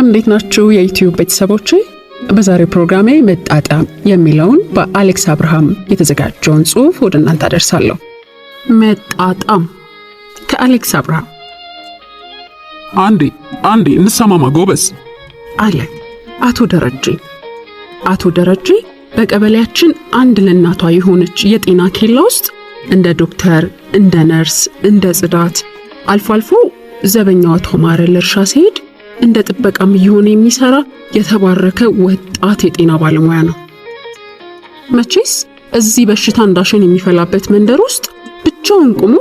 ሰላም እንዴት ናችሁ የዩትዩብ ቤተሰቦች? በዛሬው ፕሮግራሜ መጣጣም የሚለውን በአሌክስ አብርሃም የተዘጋጀውን ጽሑፍ ወደ እናንተ አደርሳለሁ። መጣጣም ከአሌክስ አብርሃም። አንዴ አንዴ እንሰማማ ጎበዝ አለ አቶ ደረጀ። አቶ ደረጀ በቀበሌያችን አንድ ለእናቷ የሆነች የጤና ኬላ ውስጥ እንደ ዶክተር፣ እንደ ነርስ፣ እንደ ጽዳት አልፎ አልፎ ዘበኛዋ ቶማረ ለእርሻ ሲሄድ እንደ ጥበቃም እየሆነ የሚሰራ የተባረከ ወጣት የጤና ባለሙያ ነው። መቼስ እዚህ በሽታ እንዳሸን የሚፈላበት መንደር ውስጥ ብቻውን ቁሞ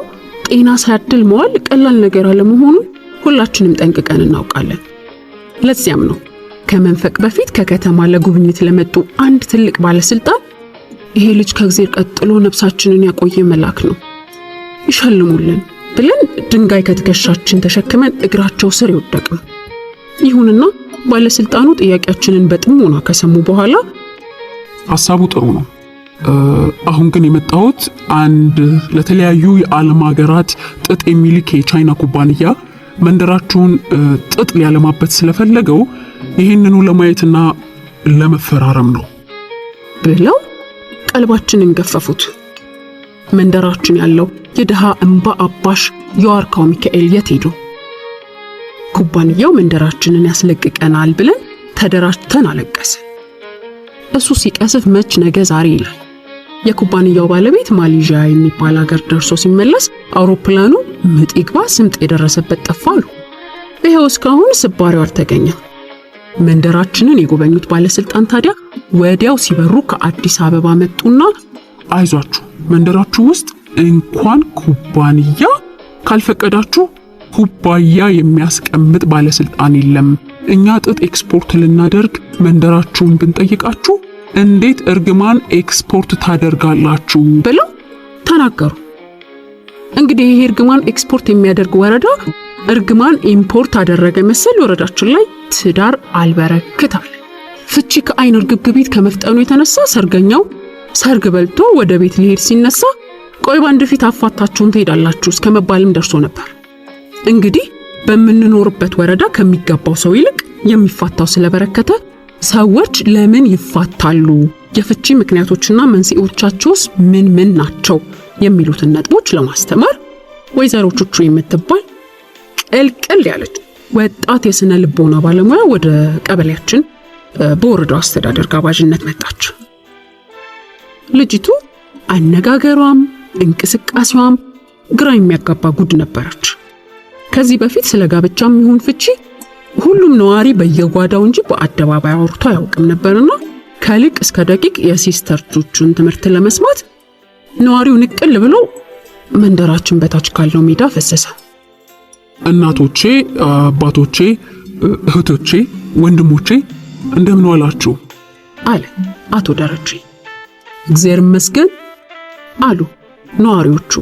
ጤና ሳያድል መዋል ቀላል ነገር አለመሆኑ ሁላችንም ጠንቅቀን እናውቃለን። ለዚያም ነው ከመንፈቅ በፊት ከከተማ ለጉብኝት ለመጡ አንድ ትልቅ ባለስልጣን ይሄ ልጅ ከእግዜር ቀጥሎ ነፍሳችንን ያቆየ መልአክ ነው ይሸልሙልን ብለን ድንጋይ ከትከሻችን ተሸክመን እግራቸው ስር ይወደቅም። ይሁንና ባለስልጣኑ ጥያቄያችንን በጥሞና ከሰሙ በኋላ ሀሳቡ ጥሩ ነው፣ አሁን ግን የመጣሁት አንድ ለተለያዩ የዓለም ሀገራት ጥጥ የሚልክ የቻይና ኩባንያ መንደራችሁን ጥጥ ሊያለማበት ስለፈለገው ይህንኑ ለማየትና ለመፈራረም ነው ብለው ቀልባችንን ገፈፉት። መንደራችን ያለው የድሃ እንባ አባሽ የዋርካው ሚካኤል የት ሄዱ? ኩባንያው መንደራችንን ያስለቅቀናል ብለን ተደራጅተን አለቀስ! እሱ ሲቀስፍ መች ነገ ዛሬ ይላል። የኩባንያው ባለቤት ማሌዥያ የሚባል አገር ደርሶ ሲመለስ አውሮፕላኑ ምጥ ይግባ ስምጥ የደረሰበት ጠፋ አሉ። ይኸው እስካሁን ስባሪው አልተገኘም። መንደራችንን የጎበኙት ባለስልጣን ታዲያ ወዲያው ሲበሩ ከአዲስ አበባ መጡና አይዟችሁ መንደራችሁ ውስጥ እንኳን ኩባንያ ካልፈቀዳችሁ ኩባያ የሚያስቀምጥ ባለስልጣን የለም። እኛ ጥጥ ኤክስፖርት ልናደርግ መንደራችሁን ብንጠይቃችሁ እንዴት እርግማን ኤክስፖርት ታደርጋላችሁ ብለው ተናገሩ። እንግዲህ ይሄ እርግማን ኤክስፖርት የሚያደርግ ወረዳ እርግማን ኢምፖርት አደረገ መሰል ወረዳችን ላይ ትዳር አልበረክታል። ፍቺ ከአይን እርግብግቢት ከመፍጠኑ የተነሳ ሰርገኛው ሰርግ በልቶ ወደ ቤት ሊሄድ ሲነሳ ቆይ ባንድ ፊት አፋታችሁን ትሄዳላችሁ እስከ መባልም ደርሶ ነበር። እንግዲህ በምንኖርበት ወረዳ ከሚገባው ሰው ይልቅ የሚፋታው ስለበረከተ ሰዎች ለምን ይፋታሉ? የፍቺ ምክንያቶችና መንስኤዎቻቸውስ ምን ምን ናቸው? የሚሉትን ነጥቦች ለማስተማር ወይዘሮ ቹቹ የምትባል ቅልቅል ያለች ወጣት የስነ ልቦና ባለሙያ ወደ ቀበሌያችን በወረዳው አስተዳደር ጋባዥነት መጣች። ልጅቱ አነጋገሯም እንቅስቃሴዋም ግራ የሚያጋባ ጉድ ነበረች። ከዚህ በፊት ስለ ጋብቻም ይሁን ፍቺ ሁሉም ነዋሪ በየጓዳው እንጂ በአደባባይ አውርቶ አያውቅም ነበርና ከሊቅ እስከ ደቂቅ የሲስተርቶቹን ትምህርት ለመስማት ነዋሪው ንቅል ብሎ መንደራችን በታች ካለው ሜዳ ፈሰሰ። እናቶቼ፣ አባቶቼ፣ እህቶቼ፣ ወንድሞቼ እንደምን ዋላችሁ? አለ አቶ ደረጀ። እግዚአብሔር ይመስገን አሉ ነዋሪዎቹ።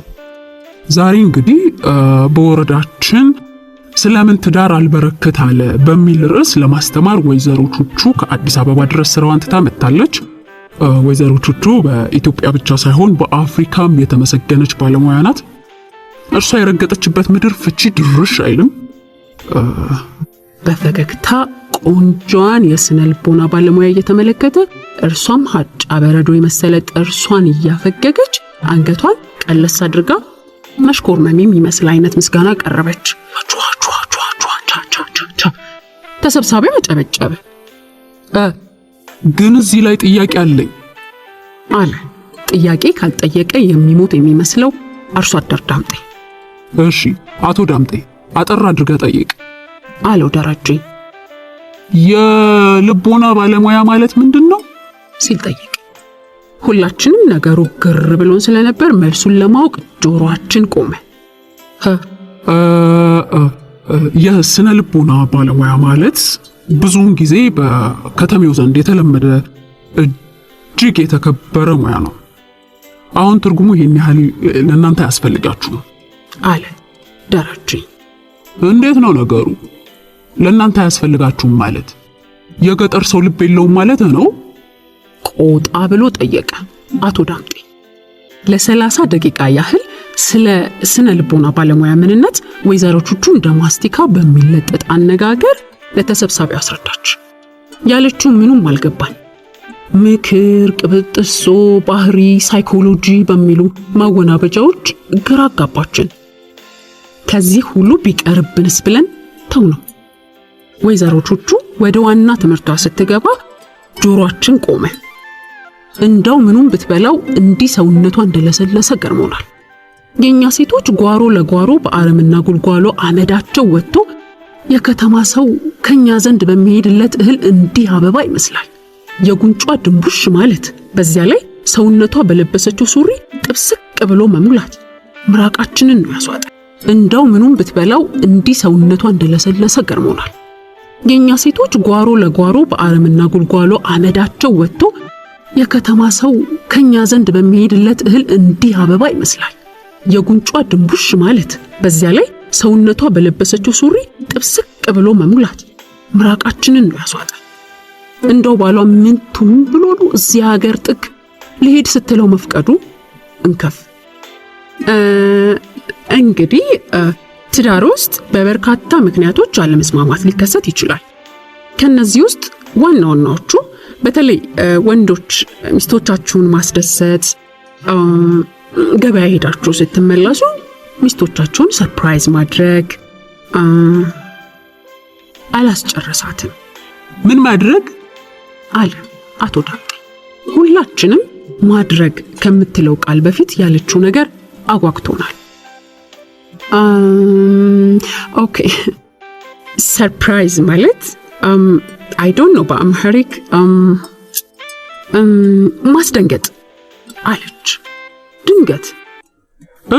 ዛሬ እንግዲህ በወረዳችን ስለምን ትዳር አልበረከት አለ በሚል ርዕስ ለማስተማር ወይዘሮ ቹቹ ከአዲስ አበባ ድረስ ስራዋን ትታ መጥታለች። ወይዘሮ ቹቹ በኢትዮጵያ ብቻ ሳይሆን በአፍሪካም የተመሰገነች ባለሙያ ናት። እርሷ የረገጠችበት ምድር ፍቺ ድርሽ አይልም። በፈገግታ ቆንጆዋን የስነ ልቦና ባለሙያ እየተመለከተ እርሷም ሀጫ በረዶ የመሰለ ጥርሷን እያፈገገች አንገቷን ቀለስ አድርጋ መሽኮርመም የሚመስል አይነት ምስጋና ቀረበች። ተሰብሳቢ አጨበጨበ። ግን እዚህ ላይ ጥያቄ አለኝ አለ። ጥያቄ ካልጠየቀ የሚሞት የሚመስለው አርሶ አደር ዳምጤ። እሺ አቶ ዳምጤ አጠር አድርጋ ጠይቅ አለው ደረጀ። የልቦና ባለሙያ ማለት ምንድን ነው ሲል ጠይቅ ሁላችንም ነገሩ ግር ብሎን ስለነበር መልሱን ለማወቅ ጆሮአችን ቆመ። የስነ ልቦና ባለሙያ ማለት ብዙውን ጊዜ በከተሜው ዘንድ የተለመደ እጅግ የተከበረ ሙያ ነው። አሁን ትርጉሙ ይህን ያህል ለእናንተ አያስፈልጋችሁም አለ ደረችኝ። እንዴት ነው ነገሩ? ለእናንተ አያስፈልጋችሁም ማለት የገጠር ሰው ልብ የለውም ማለት ነው? ቆጣ ብሎ ጠየቀ አቶ ዳምጤ። ለሰላሳ ደቂቃ ያህል ስለ ስነ ልቦና ባለሙያ ምንነት ወይዘሮ ቹቹ እንደ ማስቲካ በሚለጠጥ አነጋገር ለተሰብሳቢ አስረዳች። ያለችው ምኑም አልገባን። ምክር፣ ቅብጥሶ፣ ባህሪ፣ ሳይኮሎጂ በሚሉ ማወናበጃዎች ግራ አጋባችን። ከዚህ ሁሉ ቢቀርብንስ ብለን ተው ነው። ወይዘሮ ቹቹ ወደ ዋና ትምህርቷ ስትገባ ጆሮአችን ቆመ። እንደው ምኑም ብትበላው እንዲህ ሰውነቷ እንደለሰለሰ ገርሞናል። የእኛ ሴቶች ጓሮ ለጓሮ በአረምና ጉልጓሎ አመዳቸው ወጥቶ የከተማ ሰው ከኛ ዘንድ በሚሄድለት እህል እንዲህ አበባ ይመስላል። የጉንጯ ድንቡሽ ማለት፣ በዚያ ላይ ሰውነቷ በለበሰችው ሱሪ ጥብስቅ ብሎ መሙላት ምራቃችንን ነው ያስዋጠ። እንደው ምኑም ብትበላው እንዲህ ሰውነቷ እንደለሰለሰ ገርሞናል። የእኛ ሴቶች ጓሮ ለጓሮ በአረምና ጉልጓሎ አመዳቸው ወጥቶ የከተማ ሰው ከኛ ዘንድ በሚሄድለት እህል እንዲህ አበባ ይመስላል። የጉንጯ ድንቡሽ ማለት፣ በዚያ ላይ ሰውነቷ በለበሰችው ሱሪ ጥብስቅ ብሎ መሙላት ምራቃችንን ነው ያስዋጣል። እንደው ባሏ ምንቱም ብሎ ነው እዚያ ሀገር ጥግ ልሄድ ስትለው መፍቀዱ እንከፍ። እንግዲህ ትዳር ውስጥ በበርካታ ምክንያቶች አለመስማማት ሊከሰት ይችላል። ከነዚህ ውስጥ ዋና ዋናዎቹ በተለይ ወንዶች ሚስቶቻችሁን ማስደሰት ገበያ ሄዳችሁ ስትመለሱ ሚስቶቻችሁን ሰርፕራይዝ ማድረግ አላስጨረሳትም። ምን ማድረግ አለ አቶ ዳቅ ሁላችንም ማድረግ ከምትለው ቃል በፊት ያለችው ነገር አጓግቶናል። ኦኬ ሰርፕራይዝ ማለት አይዶን ነው በአምሐሪክ ማስደንገጥ አለች። ድንገት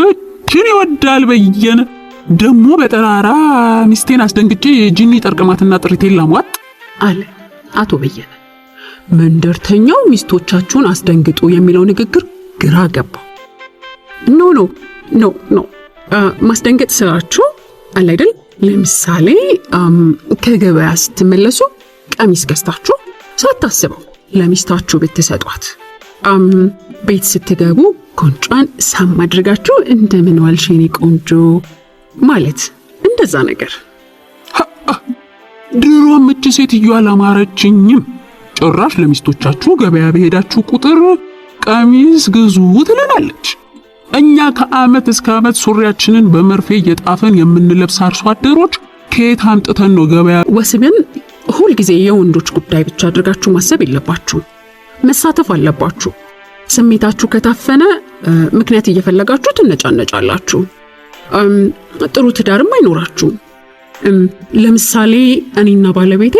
እችን ይወዳል በየነ ደግሞ በጠራራ ሚስቴን አስደንግጬ ጂኒ ጠርቅማትና ጥሪቴን ላሟጥ አለ አቶ በየነ። መንደርተኛው ሚስቶቻችሁን አስደንግጡ የሚለው ንግግር ግራ ገባ። ኖ ኖ ኖ ኖ ማስደንገጥ ስራችሁ አለ አይደል ለምሳሌ ከገበያ ስትመለሱ ቀሚስ ገዝታችሁ ሳታስበው ለሚስታችሁ ብትሰጧት፣ ቤት ስትገቡ ቆንጯን ሳም አድርጋችሁ እንደምን ዋልሽ የኔ ቆንጆ ማለት እንደዛ ነገር። ድሮ ምች ሴትዮ አላማረችኝም። ጭራሽ ለሚስቶቻችሁ ገበያ በሄዳችሁ ቁጥር ቀሚስ ግዙ ትለናለች። እኛ ከዓመት እስከ ዓመት ሱሪያችንን በመርፌ እየጣፈን የምንለብስ አርሶ አደሮች ከየት አምጥተን ነው ገበያ ወሲብን ጊዜ የወንዶች ጉዳይ ብቻ አድርጋችሁ ማሰብ የለባችሁ መሳተፍ አለባችሁ ስሜታችሁ ከታፈነ ምክንያት እየፈለጋችሁ ትነጫነጫላችሁ ጥሩ ትዳርም አይኖራችሁም ለምሳሌ እኔና ባለቤቴ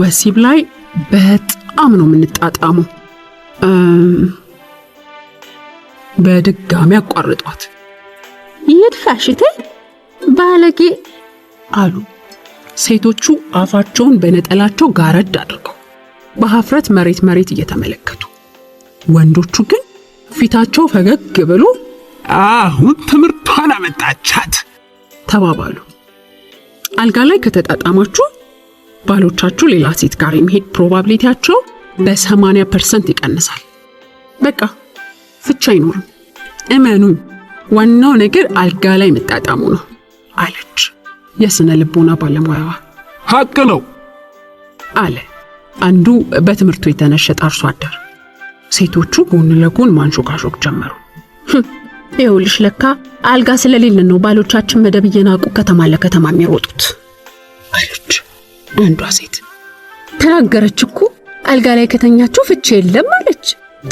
ወሲብ ላይ በጣም ነው የምንጣጣመው በድጋሚ አቋርጧት። ይድፋሽ ባለጌ አሉ ሴቶቹ አፋቸውን በነጠላቸው ጋረድ አድርገው በሀፍረት መሬት መሬት እየተመለከቱ ወንዶቹ ግን ፊታቸው ፈገግ ብሎ አሁን ትምህርቷን አመጣቻት ተባባሉ። አልጋ ላይ ከተጣጣማችሁ ባሎቻችሁ ሌላ ሴት ጋር የመሄድ ፕሮባብሊቲያቸው በ80 ፐርሰንት ይቀንሳል። በቃ ፍቺ አይኖርም። እመኑኝ፣ ዋናው ነገር አልጋ ላይ መጣጣሙ ነው አለች የስነ ልቦና ባለሙያዋ። ሐቅ ነው አለ አንዱ በትምህርቱ የተነሸጠ አርሶ አደር። ሴቶቹ ጎን ለጎን ማንሾካሾክ ጀመሩ። ይኸውልሽ ለካ አልጋ ስለሌለን ነው ባሎቻችን መደብ እየናቁ ከተማ ለከተማ የሚሮጡት አለች አንዷ ሴት። ተናገረች እኮ አልጋ ላይ ከተኛችሁ ፍቺ የለም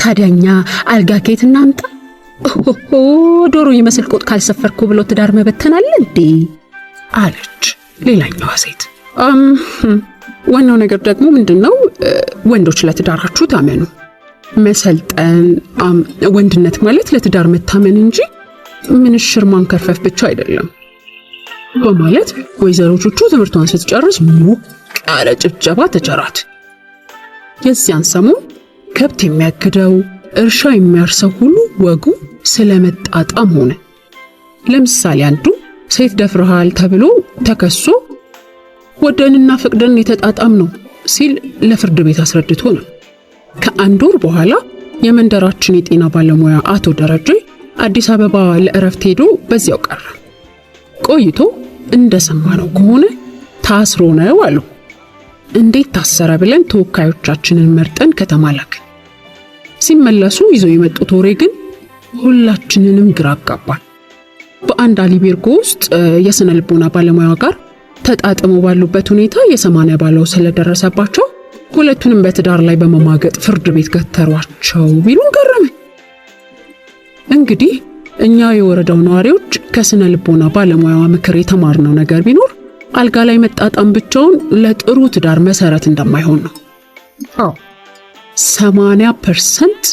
ታዲያኛ አልጋ ከየት እናምጣ? ኦሆ ዶሮ ይመስል ቆጥ ካልሰፈርኩ ብሎ ትዳር መበተናል እንዴ? አለች ሌላኛዋ ሴት። ዋናው ነገር ደግሞ ምንድን ነው? ወንዶች ለትዳራችሁ ታመኑ። መሰልጠን፣ ወንድነት ማለት ለትዳር መታመን እንጂ ምንሽር ማንከርፈፍ ብቻ አይደለም በማለት ወይዘሮ ቹቹ ትምህርቷን ስትጨርስ ሞቅ ያለ ጭብጨባ ተቸራት። የዚያን ሰሞን ከብት የሚያግደው እርሻ የሚያርሰው ሁሉ ወጉ ስለ መጣጣም ሆነ። ለምሳሌ አንዱ ሴት ደፍረሃል ተብሎ ተከሶ ወደንና ፍቅደን የተጣጣም ነው ሲል ለፍርድ ቤት አስረድቶ ነው። ከአንድ ወር በኋላ የመንደራችን የጤና ባለሙያ አቶ ደረጀ አዲስ አበባ ለእረፍት ሄዶ በዚያው ቀረ። ቆይቶ እንደሰማነው ከሆነ ታስሮ ነው አሉ። እንዴት ታሰረ ብለን ተወካዮቻችንን መርጠን ከተማ ላክን። ሲመለሱ ይዘው የመጡት ወሬ ግን ሁላችንንም ግራ አጋባል። በአንድ አሊቤርጎ ውስጥ የስነ ልቦና ባለሙያ ጋር ተጣጥሞ ባሉበት ሁኔታ የሰማንያ ባለው ስለደረሰባቸው ሁለቱንም በትዳር ላይ በመማገጥ ፍርድ ቤት ገተሯቸው ቢሉን ገረመ። እንግዲህ እኛ የወረዳው ነዋሪዎች ከስነ ልቦና ባለሙያዋ ምክር የተማርነው ነገር ቢኖር አልጋ ላይ መጣጣም ብቻውን ለጥሩ ትዳር መሰረት እንደማይሆን ነው። ሰማንያ ፐርሰንት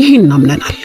ይህን እናምነናል።